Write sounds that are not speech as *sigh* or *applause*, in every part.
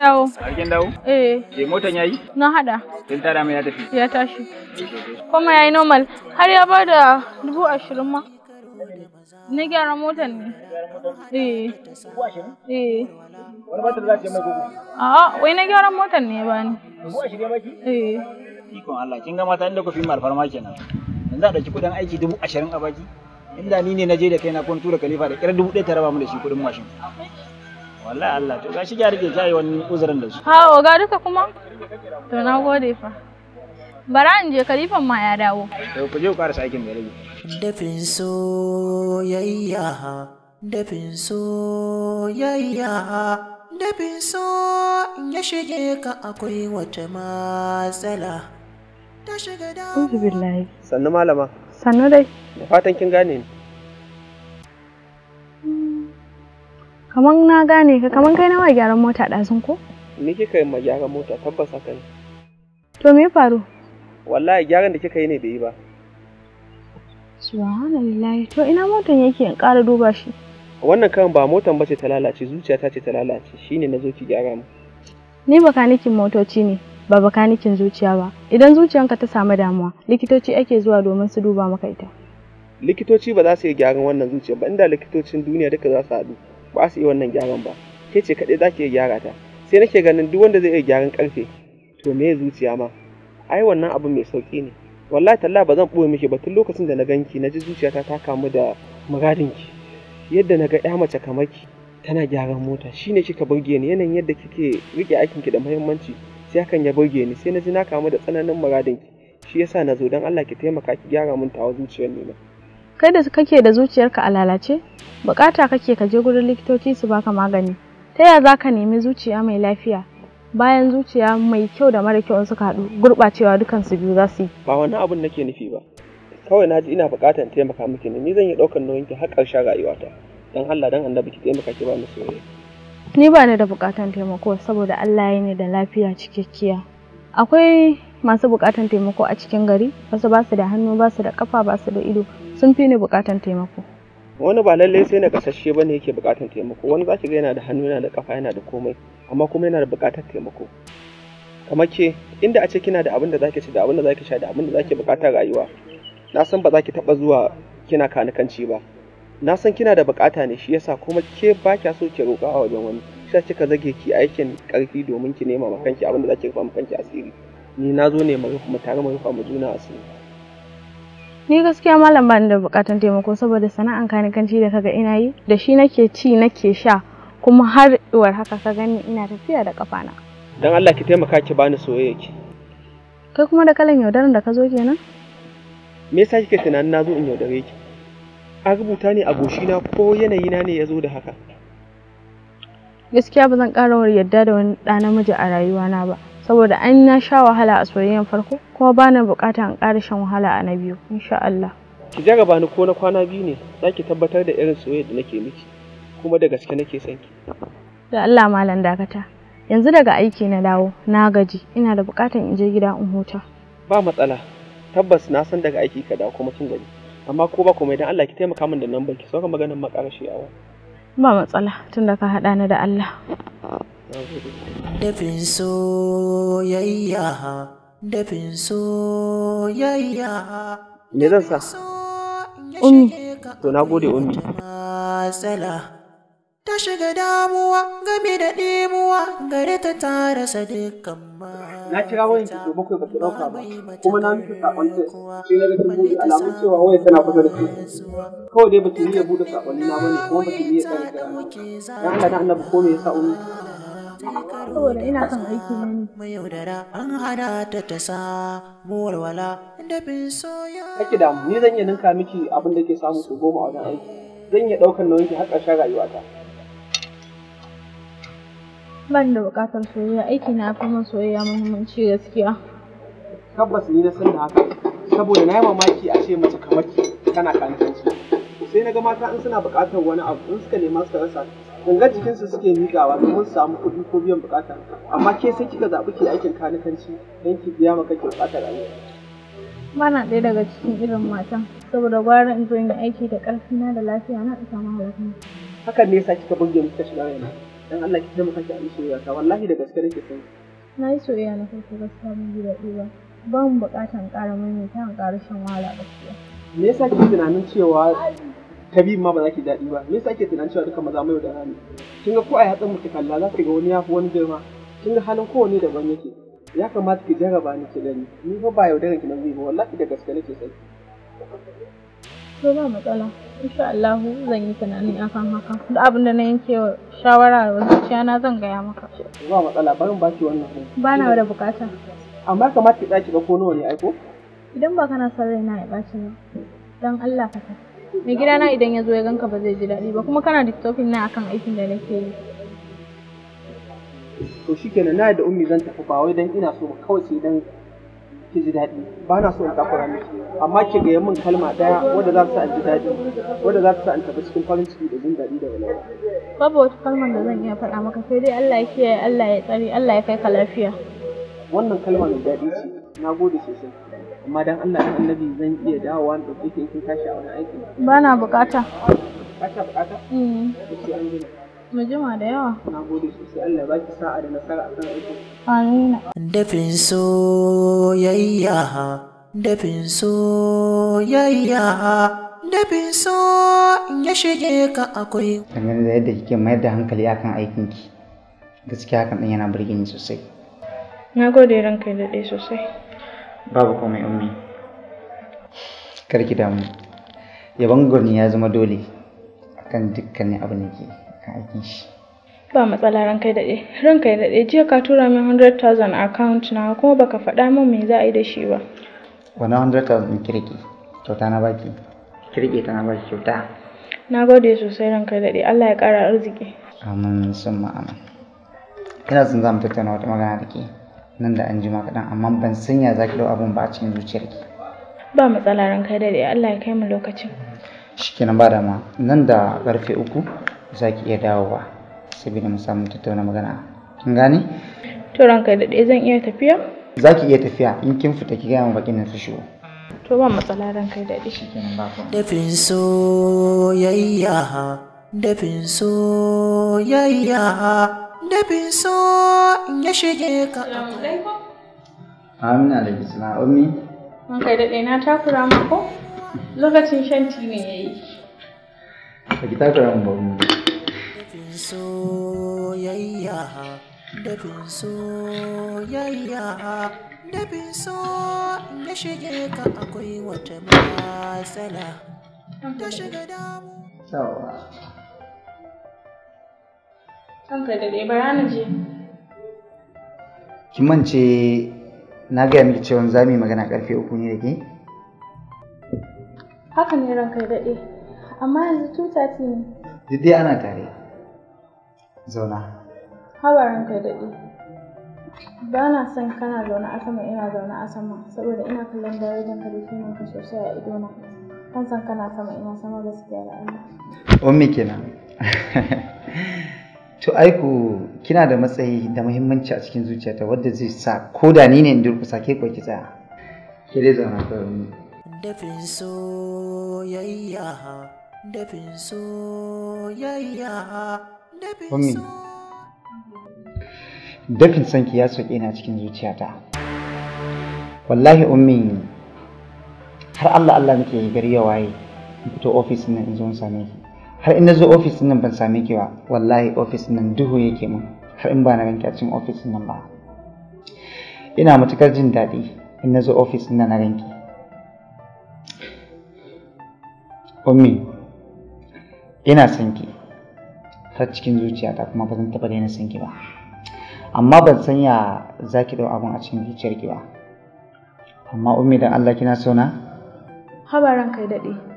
dawo. Harkin dawo? Eh. eh motan yayi? Na hada. ya tafi? Ya tashi. Kuma yayi normal. Har ya bada dubu ashirin ma. Na gyara motan ne. Eh. Dubu ashirin? Eh. Wani za ta gugu? A'a, wai na gyaran motan ne ba ni. Dubu ashirin ya baki? Eh. Ikon Allah, kin ga mata inda ku fi malfarma kenan. Yanzu a ɗauki kuɗin aiki dubu ashirin a baki? Inda ni ne na je da kaina kun tura kalifa da ƙyar dubu ɗaya ta raba mu da shi kuɗin mashin. wallahi Allah to gashi ki rike ki wani uzurin da su ha oga duka kuma to na gode fa bara in je kalifan ma ya dawo to ku je ku karasa aikin da rage dafin soyayya dafin soyayya dafin so ya shige ka akwai wata matsala ta shiga da sannu malama sannu dai da fatan kin gane ni Kaman na gane ka, kaman kai nawa gyaran mota ɗazun ko? Ni kika yi ma gyaran mota tabbas haka ne. To me faru? Wallahi gyaran da kika yi ne bai yi ba. Subhanallahi to ina motan yake in ƙara duba shi. Wannan kan ba motan ba ce ta lalace zuciyata ce ta lalace shine na zo ki gyara mu. Ni bakanikin motoci ne. ba bakanikin zuciya ba idan zuciyanka ta samu damuwa likitoci ake zuwa domin su duba maka ita likitoci ba za su yi gyaran wannan zuciya ba inda likitocin duniya duka za su haɗu ba su iya wannan gyaran ba ke ce kaɗai za ki gyara ta sai nake ganin duk wanda zai iya gyaran karfe to me zuciya ma ai wannan abu mai sauki ne wallahi talla ba zan ɓoye miki ba tun lokacin da na ganki na ji zuciyata ta kamu da muradinki yadda na ga ya mace kamar ki tana gyaran mota Shi ne kika burge ni yanayin yadda kike rike aikin ki da muhimmanci sai hakan ya burge ni sai na ji na kamu da tsananin muradinki shi yasa na zo don Allah ki taimaka ki gyara mun tawa zuciyar nuna. kai da kake da zuciyarka a lalace bukata kake ka je gurin likitoci su baka magani ta yaya zaka nemi zuciya mai lafiya bayan zuciya mai kyau da mara kyau suka haɗu gurɓacewa dukansu biyu za su yi ba wani abun nake nufi ba kawai na ji ina buƙatar taimaka miki ne ni zan yi ɗaukar ki har ƙarshen rayuwata don Allah don annabi ki taimaka ki ba ni soyayya ni ba ni da buƙatar taimako saboda Allah ya yi ni da lafiya cikakkiya akwai masu bukatan taimako a cikin gari wasu ba su da hannu ba su da kafa ba su da ido sun fi ni bukatan taimako wani ba lallai sai na kasashe bane yake bukatan taimako wani zaki ga yana da hannu yana da kafa yana da komai amma kuma yana da buƙatar taimako kamar ke inda a ce kina da abin da zaki ci da abin da zaki sha da abin da zaki buƙata rayuwa na san ba zaki taba zuwa kina kanikanci ba na san kina da buƙata ne shi yasa kuma ke ba kya so ki roƙa a wajen wani sai kika zage ki aikin ƙarfi domin ki nema ma kanki abin da zaki rufa ma kanki asiri ni na zo ne mu tare mu rufa mu juna asiri ni gaskiya malam ba ni da bukatan taimako saboda sana'an kanikanci da kaga ina yi da shi nake ci nake sha kuma har uwar haka ka gani ina tafiya da kafana dan Allah ki taimaka ki bani soyayya ki kai kuma da kalan yaudaran da ka zo kenan me yasa kike tunanin na zo in yaudare ki a rubuta ne a goshina ko yanayina ne ya zo da haka gaskiya ba zan ƙara yadda da wani ɗa namiji a rayuwana ba saboda an na sha wahala a soyayyen farko kuma ba na buƙatar in ƙara shan wahala a na biyu insha Allah ki gaba ni ko na kwana biyu ne zaki tabbatar da irin soyayya da nake miki kuma da gaske nake son ki da Allah malam dakata yanzu daga aiki na dawo na gaji ina da buƙatar in je gida in huta ba matsala tabbas na san daga aiki ka dawo kuma kin gani amma ko ba komai dan Allah ki taimaka min da nan ki sauka maganar makarashi a ba matsala tunda ka haɗa ni da Allah Dafin soyayya, dafin soyayya. Me zan sa? Ummi. To na gode Ummi. Matsala. Ta shiga damuwa game da ɗimuwa, gare ta tara dukkan ma. Na kira wayan ki so bakwai baki ɗauka ba kuma na miki saƙon ce sai na ga buɗe alamun cewa wayan tana kusa da ki. Kawai dai baki iya buɗe saƙonni na bane kuma baki iya tsare da. Dan Allah na annabi ko me yasa Ummi? saboda ina son aiki mani. mai yaudara an hada ta ta sa wala da bin soya kake da ni zan iya ninka miki abin da ke samu su goma a wajen aiki zan iya daukar nauyin ki har ƙarshen rayuwata ban da buƙatar soyayya aiki na fi min soyayya muhimmanci gaskiya tabbas ni na san da haka saboda na yi mamaki a ce mace kamar ki tana kanta sai na ga mata in suna buƙatar wani abu in suka nema suka rasa ganga jikinsu suke miƙawa domin su samu kuɗi ko biyan buƙata amma ke sai kika zaɓi ke aikin kanikanci don ki biya maka ke buƙatar rayuwa. Bana ɗaya daga cikin irin matan saboda gwara in zo yin aiki da na da lafiya na isa ma hakan hakan ne yasa kika burge muka shiga raina dan Allah ki taimaka ki amshi ya ta wallahi da gaske nake son na yi soyayya na farko gaskiya mun ji daɗi ba ba mu buƙatar ƙara maimaita ƙara shan wahala gaskiya me yasa kike tunanin cewa ta ma ba za ki daɗi ba me yasa ake tunanin cewa duka maza mai da rani kin ga ko ai hatsin mutu kalla za ki ga wani yafi wani girma kin ga halin kowanne daban yake ya kamata ki jarraba ni ki gani ni fa ba yaudaran ki nan zai ba wallahi da gaske nake sai to ba matsala insha Allah zan yi tunani akan haka da abin da na yanke shawara wa zuciya na zan gaya maka ba matsala barin ba ki wannan ba na da bukata amma kamata ki ɗaki ba ko nawa ne aiko idan ba kana son raina ya ɓaci ba dan Allah ka tafi mai gidana idan ya zo ya ganka ba zai ji daɗi ba kuma kana diktofin na akan aikin da nake yi to shikenan na da ummi zan tafi ba wai dan ina so kawai sai dan ki ji daɗi ba na so in takura miki amma ki ga min kalma daya wanda za ta sa in ji daɗi wanda za ta sa in tafi cikin farin ciki da jin daɗi da walawa babu wata kalmar da zan iya faɗa maka sai dai Allah ya kiyaye Allah ya tsare Allah ya kai ka lafiya wannan kalma mai daɗi ce na gode sosai amma dan Allah dan annabi zan iya dawowa da dauke kin tashi a wani aiki ba na bukata ba ta bukata eh mm. sai mu jima da yawa na gode sosai Allah ba ki sa'a da nasara akan aiki amina dafin soyayya dafin soyayya dafin so ya shige ka akwai kamar da yadda kike mayar da hankali akan aikin ki gaskiya hakan din yana burge ni sosai na gode ranka da dai sosai babu komai ummi Kar ki damu yaban gurni ya zama dole akan dukkanin abu ne ke aikin shi ba matsala ranka yi daɗe ranka yi daɗe jiya ka tura min 100,000 account na kuma baka faɗa min me za a yi da shi ba wani 100,000 kirki kyauta na baki kirki ta na baki kyauta na gode sosai ranka yi daɗe Allah ya ƙara arziki amin sun ma'ana ina son za mu tattauna wata magana da ke nan da an kaɗan amma ban san ya za ki ɗau abin ba a cikin zuciyarki ba matsala ran kai daɗe Allah ya kai mu lokacin shikenan ba dama nan da ƙarfe uku za ki iya dawowa saboda mu samu tattauna magana kin gane to ran kai daɗe zan iya tafiya za ki iya tafiya in kin fita ki gaya mu bakin nan su shigo to ba matsala ran kai daɗe shikenan ba dafin soyayya dafin soyayya da so ya shige ka Amina da bisna ummi. Mun kai daɗe na takura mako? Lokacin shan ti ne ya yi. Ba ki takura mu ba mu. So yayya da bin so yayya da bin so ya shige ka akwai wata masala. Ta shiga damu. Yawa. Kanka da Ki mance na gaya miki cewa za mu yi magana karfe uku ne da ke? Haka ne ranka daɗe, amma yanzu tuta ce ne. Diddi ana tare. Zauna. Hawa ranka daɗe. Ba na son kana zaune a sama ina zaune a sama saboda ina kallon darajar ka kare kimin ka sosai a idona. Kan san kana sama ina sama gaskiya da Allah. Ummi kenan. *laughs* to aiku kina da matsayi da muhimmanci a cikin zuciyata wadda zai sa ko da ni ne in durkusa ke ko tsaya ke dai zauna kawai dafin soyayya dafin soyayya dafin dafin sanki ya soke ni a cikin zuciyata wallahi ummi har Allah Allah nake gari ya waye in fito ofis nan in zo in same ki har in na zo ofis nan ban same ki ba wallahi ofis nan duhu yake mun har in ba na ranki a cikin ofis nan ba ina matukar jin daɗi in na zo ofis nan na ranki ummi ina san ki har cikin zuciyata kuma ba zan taɓa daina san ki ba amma ban san ya za ki ɗau abin a cikin ki ba amma ummi dan Allah kina sona habaran kai daɗe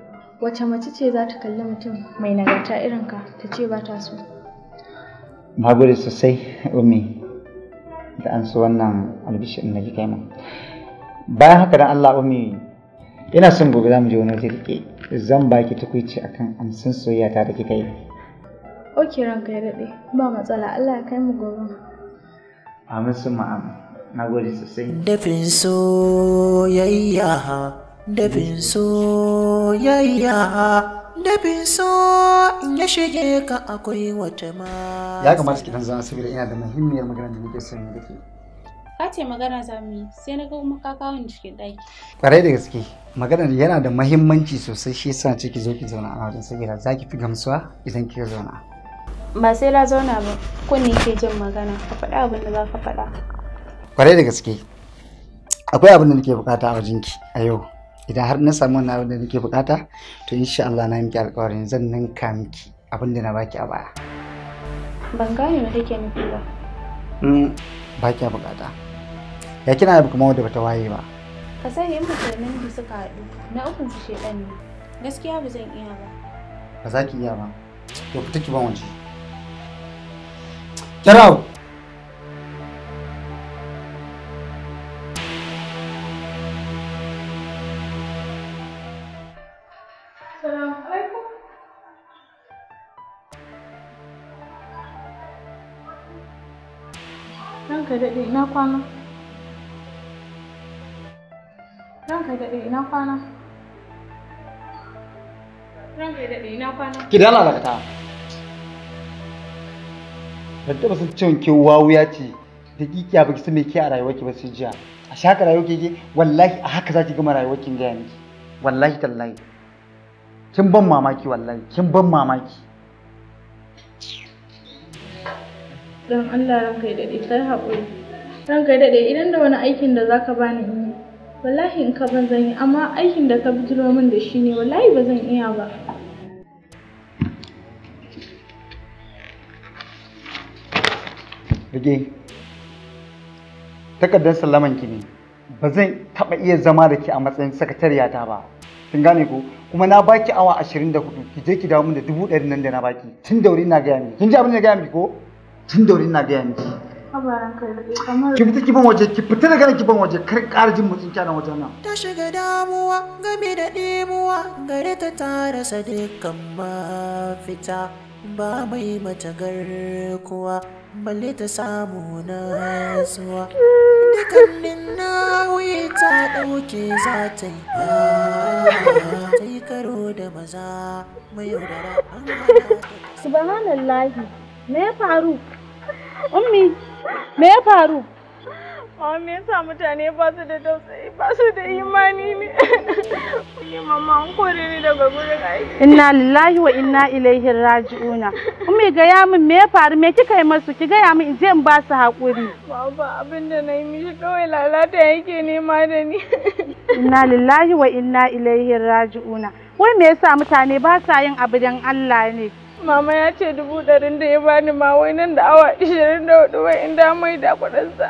wace mace ce za ta kalli mutum mai nagarta irin ka ta ce ba ta so na sosai umi da an so wannan albishirin na kika min bayan haka da Allah umi ina son gobe za mu je wani rike zan baki tukuici akan amsin soyayya ta da kika yi Ok, ranka ya daɗe ba matsala Allah ya kai mu gobe amin sun ma'am na sosai dafin soyayya Dabin soyayya, dabin so in ya shige ka akwai wata ma. Ya kamata ki kitan zama saboda ina da muhimmiyar magana da muke sanyi da ke. Ka ce magana za mu yi, sai na ga kuma ka cikin ɗaki. Kwarai da gaske, maganar yana da muhimmanci sosai shi yasa ce ki zo ki zauna a wajen saboda za ki fi gamsuwa idan kika zauna. Ba sai na zauna ba, kunne ke jin magana, ka faɗa abin da za ka faɗa. Kwarai da gaske, akwai abin da nake bukata a wajenki a yau. idan har na samu wannan abin da nake bukata to insha Allah na miki alƙawarin zan ninka miki abin da na baki a baya ban gane me kake nufi ba mm ba kya bukata ya kina da kuma wanda bata waye ba ka sani in musulmin da suka haɗu na ukun su shedan ne gaskiya ba zan iya ba ba za ki iya ba to fita ki ban waje Kira! Ranka daɗe ina kwana. Ranka daɗe ina kwana. Ranka daɗe ina kwana. Ki dala lakata. Ban taɓa san cewa ke wawuya ce da kiki ba ki san me ke a ki ba sai jiya. A shaka ki ke wallahi a haka za ki gama ki gaya miki. Wallahi tallahi. Kin ban mamaki wallahi kin ban mamaki. don Allah ranka ya daɗe kai haƙuri ranka ya daɗe idan da wani aikin da zaka bani in yi wallahi in ka ban zan yi amma aikin da ka bijiro min da shi ne wallahi ba zan iya ba Rage, takardar sallaman ki ne, ba zan taɓa iya zama da ke a matsayin sakatariyata ba. Kin gane ko? Kuma na baki awa 24, ki je ki dawo min da dubu ɗari nan da na baki. Tun da wuri na gaya ni, Kin ji abin da na gaya miki ko? tun da wuri gaya miki ki fita kifin waje ki fita daga nan kifin waje kar ƙara jin motsin kyanan wajen nan ta shiga damuwa game da ɗimuwa gare ta tara sa dukkan mafita ba mai mata garkuwa balle ta samu nasuwa dukkanin wuyi ta ɗauke za ta yi ta yi karo da maza mai yaudara an hana subhanallahi Me ya faru? Ummi, me ya faru? Mama, me yasa mutane ba su da tausayi, ba su da imani ne? Ni mama an kore ni daga gurin aiki. Inna lillahi wa inna ilaihi raji'una. Ummi ga ya min me ya faru? Me kika yi masu? Ki gaya min je in ba su hakuri. Baba, abin da na yi mishi kawai lalata yake nema da ni. Inna lillahi wa inna ilaihi raji'una. Wai me yasa mutane ba sa yin abu don Allah ne? mama ya ce dubu ɗarin da ya bani ma wai nan da awa ishirin da hudu wai in da mai da kuɗinsa.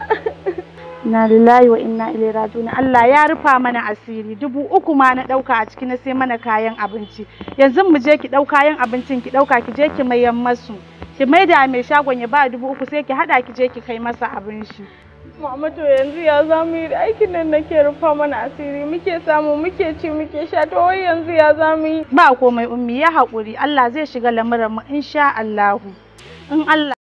na lillahi wa inna ilaihi raji'un. Allah ya rufa mana asiri dubu uku ma na ɗauka a ciki na sai mana kayan abinci. Yanzu mu je ki ɗau kayan abincin ki ɗauka ki je ki mayan masu. Ki maida mai shagon ya ba dubu uku sai ki haɗa ki je ki kai masa abinci. Muhammadu yanzu ya za mu yi aikin nan nake rufa mana asiri muke samu muke ci muke sha to wai yanzu ya za yi. Ba komai ummi ya haƙuri Allah zai shiga lamuran mu insha Allahu. In Allah